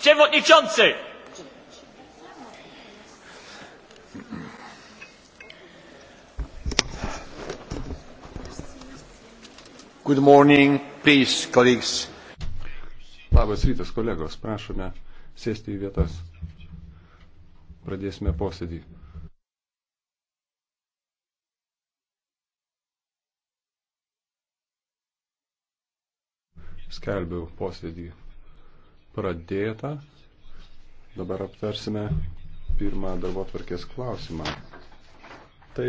Przewodniczący! Good morning, please, colleagues. Labas rytas, kolegos. Prašome sėsti į vietas. Pradėsime posėdį. Skelbiu posėdį pradėta. Dabar aptarsime pirmą darbo tvarkės klausimą. Tai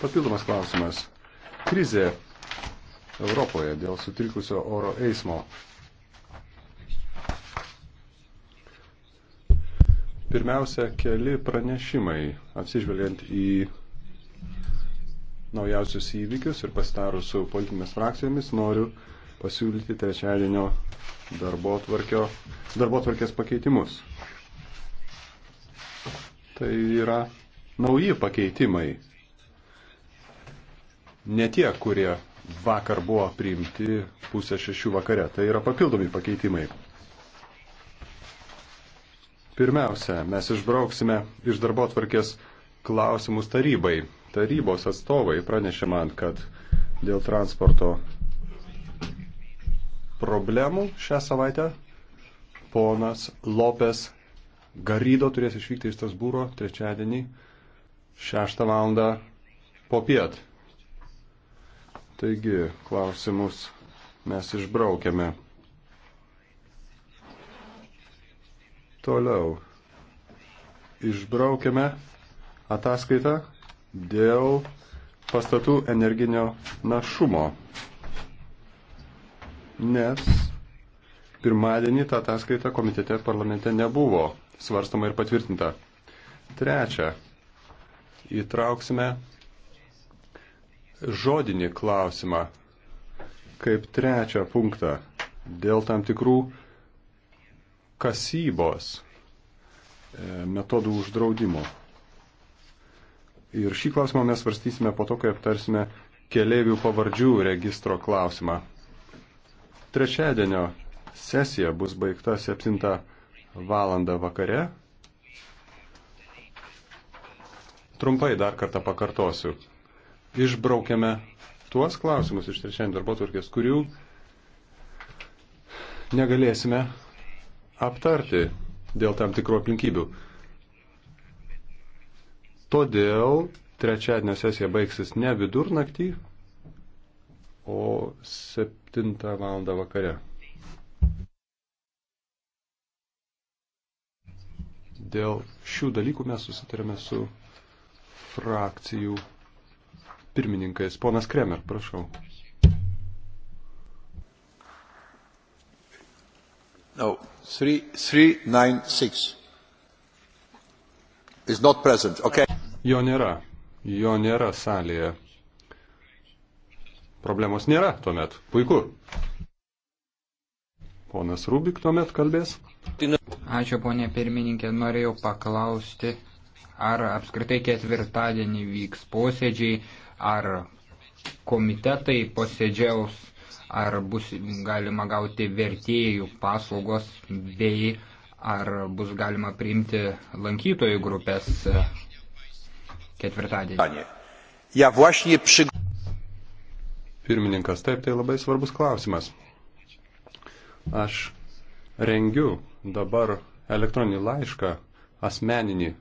papildomas klausimas. Krizė Europoje dėl sutrikusio oro eismo. Pirmiausia, keli pranešimai, atsižvelgiant į naujausius įvykius ir pastarus su politinėmis frakcijomis, noriu pasiūlyti trečiadienio darbo, tvarkio, darbo tvarkės pakeitimus. Tai yra nauji pakeitimai. Ne tie, kurie vakar buvo priimti pusę šešių vakare. Tai yra papildomi pakeitimai. Pirmiausia, mes išbrauksime iš darbo tvarkės klausimus tarybai. Tarybos atstovai pranešė man, kad dėl transporto problemų šią savaitę. Ponas Lopes Garydo turės išvykti iš Strasbūro trečiadienį 6 val. po piet. Taigi, klausimus mes išbraukėme. Toliau. Išbraukėme ataskaitą dėl pastatų energinio našumo nes pirmadienį ta ataskaita komitete parlamente nebuvo svarstama ir patvirtinta. Trečia, įtrauksime žodinį klausimą kaip trečią punktą dėl tam tikrų kasybos e, metodų uždraudimo. Ir šį klausimą mes svarstysime po to, kai aptarsime keliaivių pavardžių registro klausimą. Trečiadienio sesija bus baigta 7 valandą vakare. Trumpai dar kartą pakartosiu. Išbraukiame tuos klausimus iš trečiadienio darbo tvarkės, kurių negalėsime aptarti dėl tam tikrų aplinkybių. Todėl trečiadienio sesija baigsis ne vidurnaktį, o 7 val. vakare. Dėl šių dalykų mes susitarėme su frakcijų pirmininkais. Ponas Kremer, prašau. No, 396 is not present. Okay. Jo nėra. Jo nėra salėje. Problemos nėra tuomet. Puiku. Ponas Rubik tuomet kalbės. Ačiū, ponė pirmininkė. Norėjau paklausti, ar apskritai ketvirtadienį vyks posėdžiai, ar komitetai posėdžiaus, ar bus galima gauti vertėjų paslaugos, bei ar bus galima priimti lankytojų grupės ketvirtadienį. Ja, właśnie przy Pirmininkas, taip, tai labai svarbus klausimas. Aš rengiu dabar elektroninį laišką asmeninį